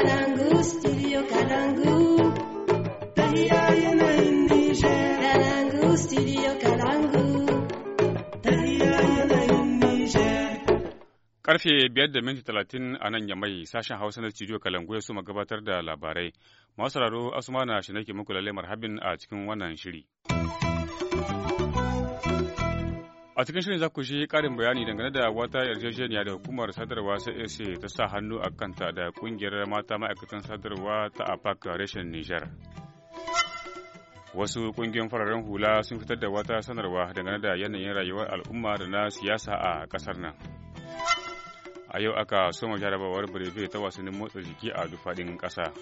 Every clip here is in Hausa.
Kalangu, studio Karfe biyar da minti talatin a nan ya mai sashen Hausa na studio Kalangu ya suma gabatar da labarai. Masu raro Asuma na shi nake muku lalle marhabin a cikin wannan shiri. A cikin shirin za ku shi ƙarin bayani dangane da wata yarjejeniya da hukumar sadarwa CAC ta sa hannu a kanta da kungiyar mata ma'aikatan sadarwa ta APAC reshen Nijar. Wasu ƙungiyoyin fararen hula sun fitar da wata sanarwa dangane da yanayin rayuwar al'umma da na siyasa a kasar nan. A yau aka soma jarabawar birebe ta wasannin motsa jiki a dufaɗin kasa.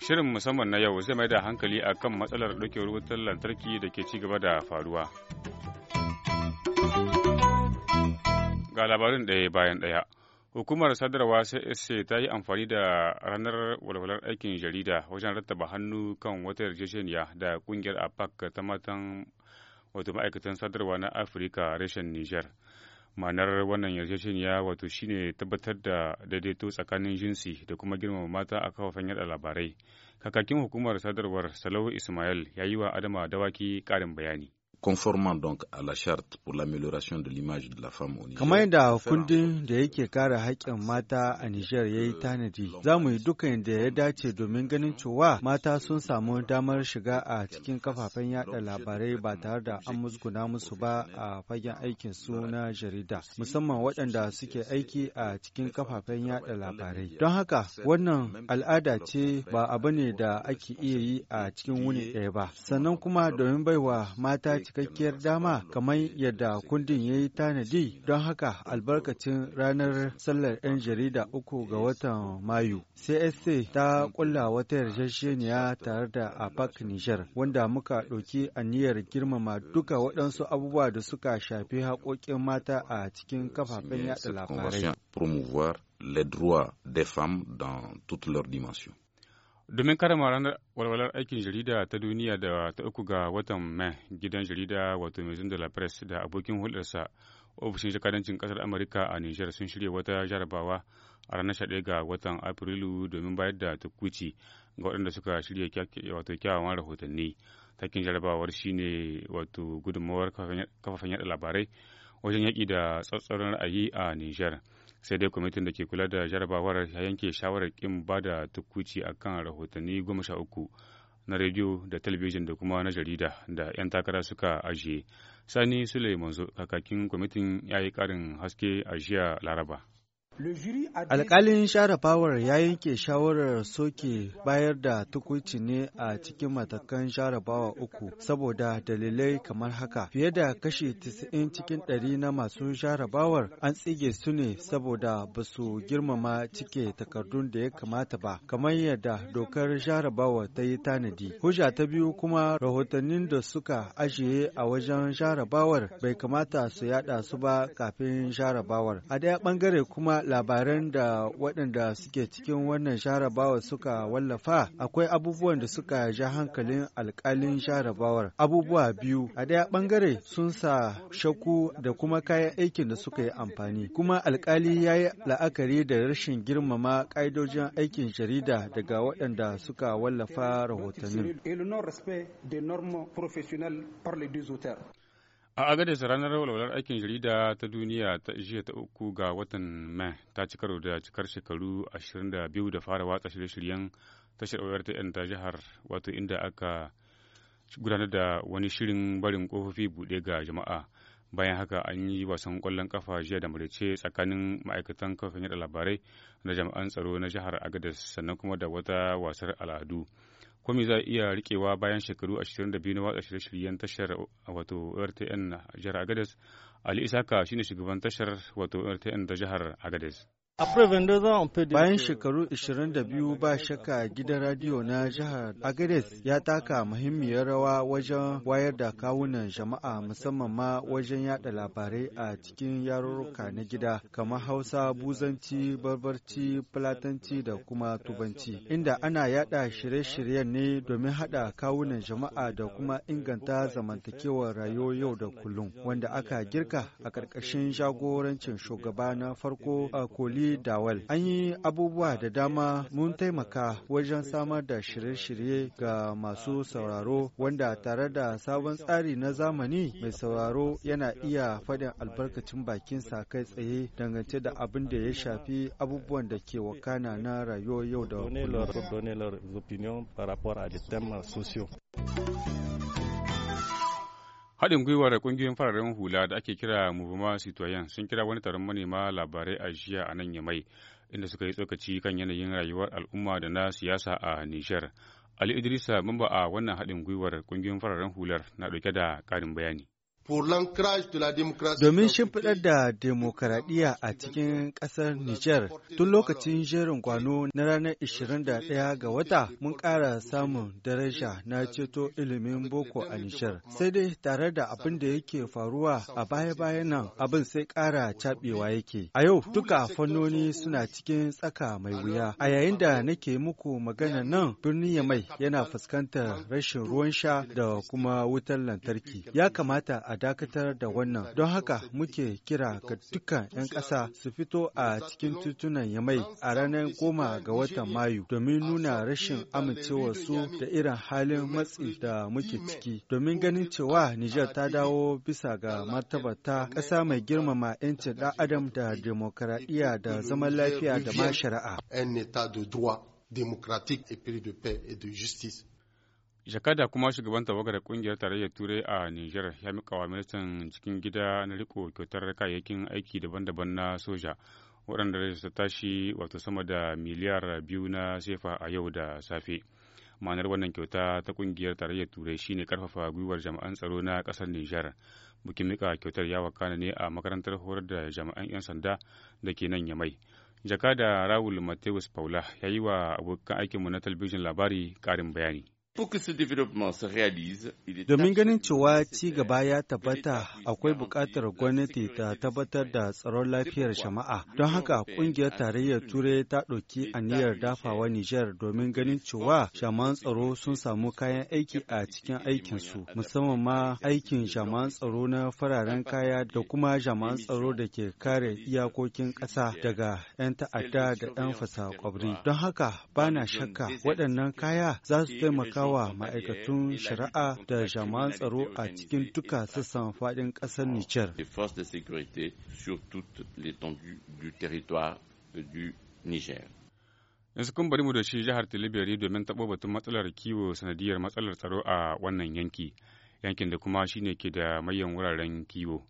Shirin musamman na yau zai mai da hankali akan matsalar ɗauke wutar lantarki da ke ci gaba da faruwa. Ga labarin ɗaya bayan ɗaya. Hukumar sadarwa CSC ta yi amfani da ranar walwalar aikin jarida wajen rattaba hannu kan wata yarjejeniya da kungiyar APAC ta matan wato ma'aikatan sadarwa na Afirka reshen Nijar. ma'anar wannan yarjejeniya wato shine tabbatar da daidaito tsakanin jinsi da kuma girmama mata a kafafen yada labarai kakakin hukumar sadarwar salau ismail ya yi wa adama dawaki karin bayani conformant donc à la charte pour l'amélioration de l'image de la femme au Niger. Kamar yadda kundin da yake kare haƙƙin mata a Niger ya yi tanadi, euh, za mu yi dukkan da ya dace domin ganin cewa mata sun samu damar shiga a cikin kafafen yada labarai ba tare da an musguna musu ba a fagen aikin su na jarida, musamman waɗanda suke aiki a cikin kafafen yada labarai. Don haka wannan al'ada ce ba abu ne da ake iya yi a cikin wuni ɗaya ba, sannan kuma domin baiwa mata cikakkiyar dama kamar yadda kundin ya yi tanadi don haka albarkacin ranar sallar 'yan jarida uku ga watan Mayu. csc ta kulla wata yarjejeniya tare da APAC Nijar wanda muka ɗauki aniyar girmama duka waɗansu abubuwa da suka shafi haƙoƙin mata a cikin kafafen yaɗa labarai. les droits des femmes dans Domin karama ranar walwalar aikin jarida ta duniya da ta uku ga watan Mai gidan jarida wato Maison de la Presse da abokin hulɗarsa ofishin jakadancin ƙasar Amurka a Nijar sun shirya wata jarabawa a ranar 11 ga watan Afrilu domin bayar da tukuci ga waɗanda suka shirya wato kyawawan rahotanni. Takin jarabawar shine wato gudunmawar kafafen yaɗa labarai wajen yaƙi da tsatsauran ra'ayi a Nijar. sai dai kwamitin da ke kula da jarabawar ya yanke shawarar kin ba da tukuci a kan rahotanni goma sha uku na rediyo da talabijin da kuma na jarida da 'yan takara suka ajiye sani sule manzo kakakin kwamitin ya yi karin haske a jiya laraba Alƙalin share Power ya yanke shawarar soke bayar da tukuci ne a cikin matakan share Power uku saboda dalilai kamar haka. Fiye da kashi 90 cikin ɗari na masu share Power an tsige su ne saboda ba su girmama cike takardun da ya kamata ba, kamar yadda dokar share Power ta yi tanadi. Hujja ta biyu kuma rahotannin da suka ajiye a wajen share Power bai kamata su yada su ba kafin share Power. A daya bangare kuma labaran da waɗanda suke cikin wannan sharabawar suka wallafa akwai abubuwan da suka ja hankalin alkalin sharabawar abubuwa biyu a ɗaya ɓangare sun sa shakku da kuma kayan aikin da suka yi amfani kuma alkali ya yi la'akari da rashin girmama ƙa'idojin aikin jarida daga waɗanda suka wallafa rahotannin A agades ranar walwalar aikin jarida ta duniya ta jiya ta uku ga watan Mai ta ci karo da cikar shekaru 22 da fara watsa shirye-shiryen tashar shirya ta jihar wato inda aka gudanar da wani shirin barin kofofi buɗe ga jama'a. Bayan haka an yi wasan kwallon kafa jiya da marice tsakanin ma'aikatan kafin yada labarai na jama'an tsaro na jihar agades sannan kuma da wata wasar al'adu. ko za a iya rikewa bayan shekaru 22 na watsa shirye-shiryen tashar wato RTN a jihar Agadez Ali Isaka shine shugaban tashar wato RTN da jihar Agadez Bayan shekaru 22 ba shakka gidan radiyo na jihar Agadez ya taka muhimmiyar rawa wajen wayar da kawunan jama'a musamman ma wajen yada labarai a cikin yarurruka na gida kamar Hausa, Buzanci, Barbarci, platanci da kuma Tubanci. Inda ana yada shirye-shiryen ne domin hada kawunan jama'a da kuma inganta zamantakewar rayo yau da kullum wanda aka girka a ƙarƙashin jagorancin shugaba na farko a koli Dawal. An yi abubuwa da dama mun taimaka wajen samar da shirye-shirye ga masu sauraro wanda tare da sabon tsari na zamani mai sauraro yana iya faɗin albarkacin bakin sa kai tsaye dangance da abin da ya shafi abubuwan da ke wakana na rayuwar yau da kullum. Haɗin gwiwar ƙungiyoyin fararen hula da ake kira Muvuma Citoyen sun kira wani taron manema labarai a jiya a nan Yamai, inda suka yi tsokaci kan yanayin rayuwar al'umma da na siyasa a Nijar. Ali Idrisa mamba a wannan haɗin gwiwar ƙungiyoyin fararen hular na ɗauke da ƙarin bayani. Domin shimfiɗar da demokaradiyya a cikin ƙasar Nijar, tun lokacin jerin kwano na ranar 21 ga wata mun ƙara samun daraja na ceto ilimin boko a Nijar. Sai dai tare da abin da yake faruwa a baya-bayan nan abin sai ƙara caɓewa yake. A yau duka fannoni suna cikin tsaka mai wuya. A yayin da nake muku magana nan birnin Yamai yana fuskantar rashin ruwan sha da kuma wutar lantarki. Ya kamata a a dakatar da wannan. Don haka muke kira ga dukkan 'yan ƙasa su fito a cikin titunan Yamai a ranar goma ga watan Mayu domin nuna rashin su da irin halin matsi da muke ciki. Domin ganin cewa Nijar ta dawo bisa ga martabata ƙasa mai girmama 'yancin ɗan adam da demokaradiyya da zaman lafiya da ma shari'a. jakada kuma shugaban da kungiyar tarayyar turai a niger ya mika wa ministan cikin gida na riko kyautar kayayyakin aiki daban-daban na soja waɗanda su tashi wato sama da miliyar biyu na sefa a yau da safe ma'anar wannan kyauta ta kungiyar tarayyar turai shine karfafa gwiwar jama'an tsaro na ƙasar niger bukin mika kyautar ya wakana ne a makarantar horar da jama'an 'yan sanda da ke nan yamai jakada rawul mateus paula ya yi wa abokan aikinmu na talabijin labari karin bayani Domin ganin cewa ci gaba ya tabbata akwai buƙatar gwamnati ta tabbatar da tsaron lafiyar jama'a. Don haka ƙungiyar tarayyar Turai ta ɗauki aniyar dafawa Nijar domin ganin cewa jaman tsaro sun samu kayan aiki a cikin aikinsu, musamman ma aikin jaman tsaro na fararen kaya da kuma jaman tsaro da ke kare iyakokin ƙasa daga 'yan ta'adda da 'yan fasa kwabri. Don haka bana shakka waɗannan kaya za su taimaka wa ma'aikatun shari'a da jama'an tsaro a cikin duka sassan faɗin ƙasar Nijar. Yanzu kun bari mu da shi jihar Tilibiri domin taɓo batun matsalar kiwo sanadiyar matsalar tsaro a wannan yanki, yankin da kuma shine ke da mayan wuraren kiwo.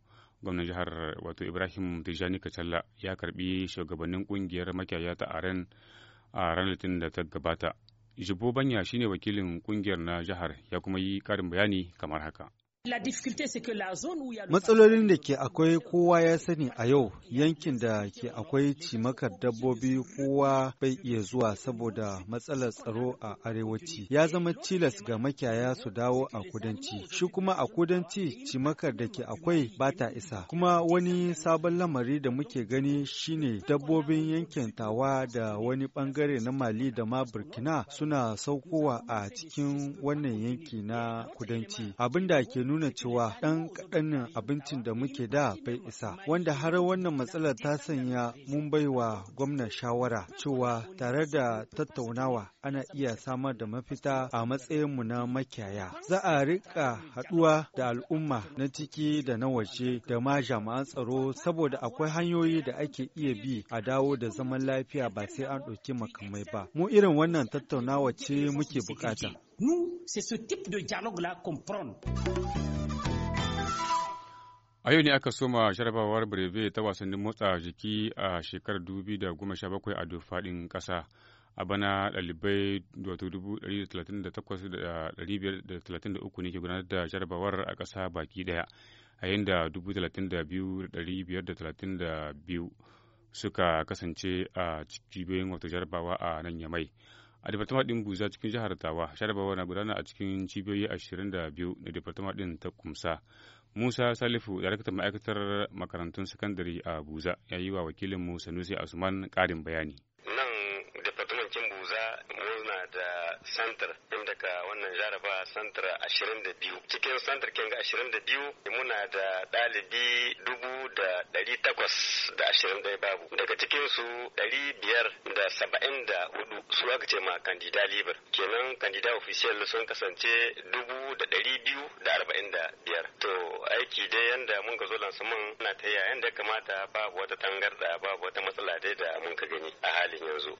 gwamnan jihar wato ibrahim tijani kacalla ya karbi shugabannin kungiyar makiyaya ta a ranar litinin da ta gabata Jibo Banya shine wakilin kungiyar na jihar ya kuma yi karin bayani kamar haka. Matsalolin da ke akwai kowa ya sani a yau yankin da ke akwai cimakar dabbobi kowa bai iya zuwa saboda matsalar tsaro a arewaci. Ya zama tilas ga makiyaya su dawo a kudanci. Shi kuma a kudanci cimakar da ke akwai ba ta isa. Kuma wani sabon lamari da muke gani shine dabbobin yankin tawa da wani bangare na Mali da ma Burkina suna saukowa a cikin wannan yanki na kudanci. Abin da ke nuna nuna cewa ɗan kaɗanin abincin da muke da bai isa, wanda har wannan matsalar ta sanya mun baiwa gwamna shawara cewa tare da tattaunawa ana iya samar da mafita a matsayinmu na makiyaya. Za a riƙa haɗuwa da al'umma na ciki da na waje da ma jama'an tsaro saboda akwai hanyoyi da ake iya bi a dawo da zaman lafiya ba sai an ɗauki makamai ba. Mu irin wannan tattaunawa ce muke bukata. Nous, c'est ce type de dialogue-là qu'on prône. A yau ne aka soma jarabawar breve ta wasannin motsa jiki a shekarar 2017 a dofaɗin ƙasa. A bana ɗalibai da 138,533 ne ke gudanar da jarabawar a ƙasa baki ɗaya, a yin da 32,532 suka kasance a cibiyoyin wato jarabawa a nan yamai. a departama ɗin guza cikin jihar tawa sharabawa na gudana a cikin cibiyoyi ashirin da biyu da departama ɗin ta kumsa musa salifu daraktan ma'aikatar makarantun sakandare a buza ya yi wa wakilin musa nusi asuman ƙarin bayani murna da santar inda ka wannan jaraba santar ashirin da biyu cikin santar kin ga ashirin da biyu muna da ɗalibi dubu da ɗari takwas da ashirin da babu daga cikin su ɗari biyar da saba'in da hudu su aka ce ma kandida libar kenan kandida official sun kasance dubu da ɗari biyu da arba'in da biyar to aiki dai yanda mun ka zo lansaman na ta yaya da kamata babu wata tangarda babu wata matsala dai da mun ka gani a halin yanzu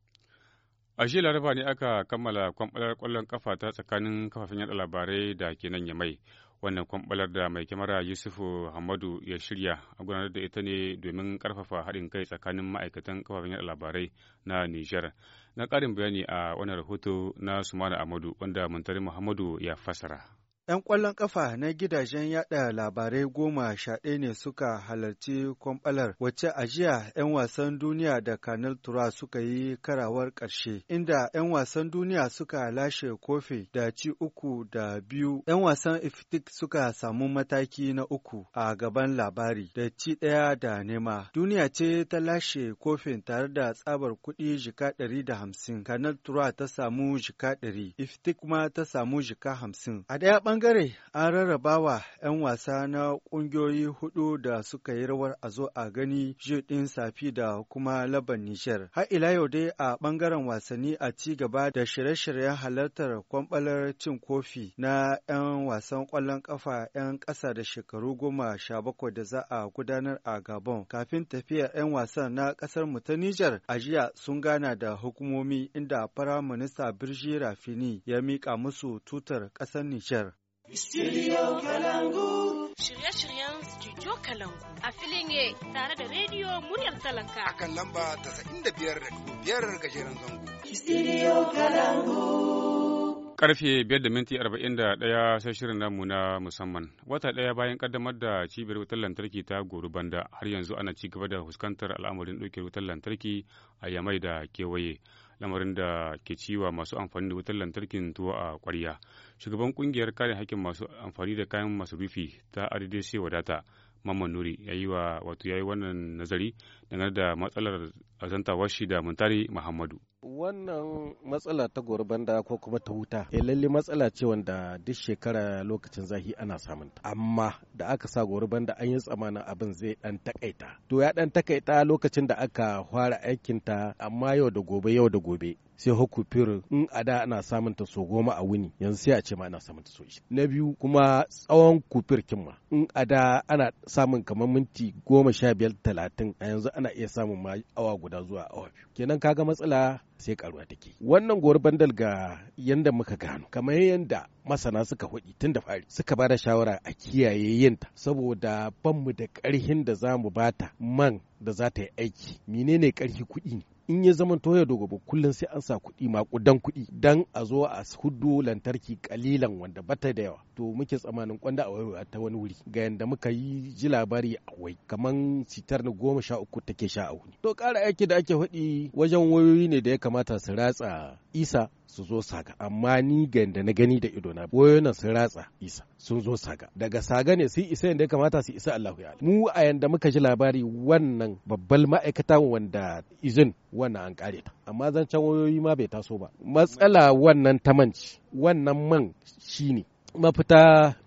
A jiya laraba ne aka kammala kwamɓalar kwallon kafa ta tsakanin kafafen yada labarai da ke nan yamai. Wannan kwamɓalar da mai kyamara Yusufu Hamadu ya shirya a gudanar da ita ne domin ƙarfafa haɗin kai tsakanin ma'aikatan kafafen yada labarai na Nijar. Na ƙarin bayani a wannan rahoto na Sumana Amadu wanda Muntari Muhammadu ya fasara. ‘Yan ƙwallon ƙafa na gidajen yaɗa labarai goma sha ɗaya ne suka halarci kwamɓalar wacce a jiya ‘yan wasan duniya da Kanal Tura suka yi karawar ƙarshe, inda ‘yan wasan duniya suka lashe kofi da ci uku da biyu. ‘Yan wasan Iftik suka samu mataki na uku a gaban labari da ci ɗaya da nema. Duniya ce ta lashe kofin tare da tsabar kuɗi jika ɗari da hamsin. Kanal Tura ta samu jika ɗari, Iftik kuma ta samu jika hamsin. A ɗaya bangare an rarraba wa 'yan wasa na ƙungiyoyi hudu da suka yi rawar a zo a gani ɗin safi da kuma laban Nijar. Har ila yau dai a ɓangaren wasanni a ci gaba da shirye-shiryen halartar kwamɓalar cin kofi na 'yan wasan ƙwallon ƙafa 'yan ƙasa da shekaru goma sha bakwai da za a gudanar a Gabon. Kafin tafiyar 'yan wasan na ƙasar mu ta Nijar a jiya sun gana da hukumomi inda minista Birji Rafini ya miƙa musu tutar ƙasar Nijar. Studio Kalangu. Shirye-shiryen Studio Kalangu. A filin ye tare da rediyo muryar talaka. A kan lamba da biyar da biyar gajeren zango. Studio Kalangu. Karfe biyar da minti arba'in da ɗaya sai shirin namu na musamman. Wata ɗaya bayan kaddamar da cibiyar wutar lantarki ta goru Banda har yanzu ana ci gaba da fuskantar al'amarin ɗauke wutar lantarki a Yamai da kewaye. Lamarin da ke ciwa masu amfani da wutar lantarkin tuwo a ƙwarya. shugaban kungiyar kare hakkin masu amfani da kayan masu bifi ta RDC wadata mamman nuri ya yi wa wato ya yi wannan nazari dangane da matsalar azantawar shi da muntari muhammadu wannan matsala ta banda ko kuma ta wuta ya eh, lalle matsala ce wanda duk shekara lokacin zahi ana samun ta amma da aka sa banda an yi tsamanin abin zai dan takaita to ya dan takaita lokacin da aka fara aikin ta amma yau da gobe yau da gobe sai hukufir in a da ana samun ta so goma a wuni yanzu sai a ce ma ana samun ta so shi. na biyu kuma tsawon kufir ma in a da ana samun kamar minti goma sha biyar talatin a yanzu ana iya samun ma awa guda zuwa awa biyu kenan ga matsala sai karuwa take wannan gowar bandal ga yanda muka gano kamar yanda masana suka hudi tun da fari suka ba da shawara a kiyaye yinta saboda banmu da karhin da za mu bata man da za ta yi aiki menene karhi kuɗi ne in ya zaman to ya dogobo kullum sai an sa kuɗi makudan kuɗi dan a zo a hudu lantarki kalilan wanda bata da yawa to muke tsamanin kwanda a wayo ta wani wuri ga yanda muka yi ji labari a wai kamar sitar na goma sha uku take sha a wuni to ƙara aiki da ake faɗi wajen wayoyi ne da ya kamata su ratsa isa su zo saga amma ni ga na gani da ido na nan sun ratsa isa sun zo saga daga saga ne su isa yadda ya kamata su isa Allahu ya mu a yanda muka ji labari wannan babbal ma'aikata wanda izin wannan an kare ta amma zancen wayoyi ma bai taso ba matsala wannan tamanci wannan man shine mafita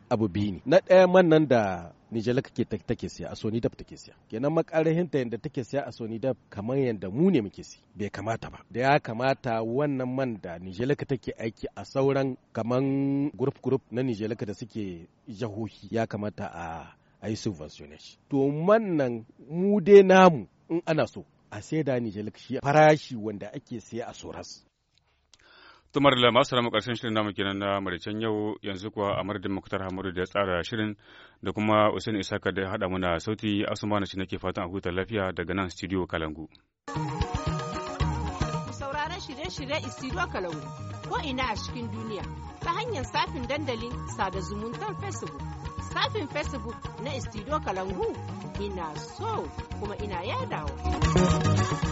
abu biyu ne na ɗaya man nan da Nijar ta take siya a Sony Dab take siya kenan makarahin ta take siya a Sony Dab kamar yanda mu ne muke si bai kamata ba da ya kamata wannan man da Nijar take aiki a sauran kaman gurup gurup. na Nijar da suke jahohi ya kamata a ayi yi to man nan mu dai namu in ana so a da Nijar shi farashi wanda ake siya a Soras tumar da masu ramu karshen shirin namu kenan na maricen yau yanzu kuwa a madadin muktar hamadu da ya tsara shirin da kuma usain isaka da ya haɗa muna sauti asuma na shi nake fatan a lafiya daga nan studio kalangu. sauraron shirye-shirye istiro kalangu ko ina a cikin duniya ta hanyar safin dandalin sada zumuntar facebook safin facebook na studio kalangu ina so kuma ina yadawa.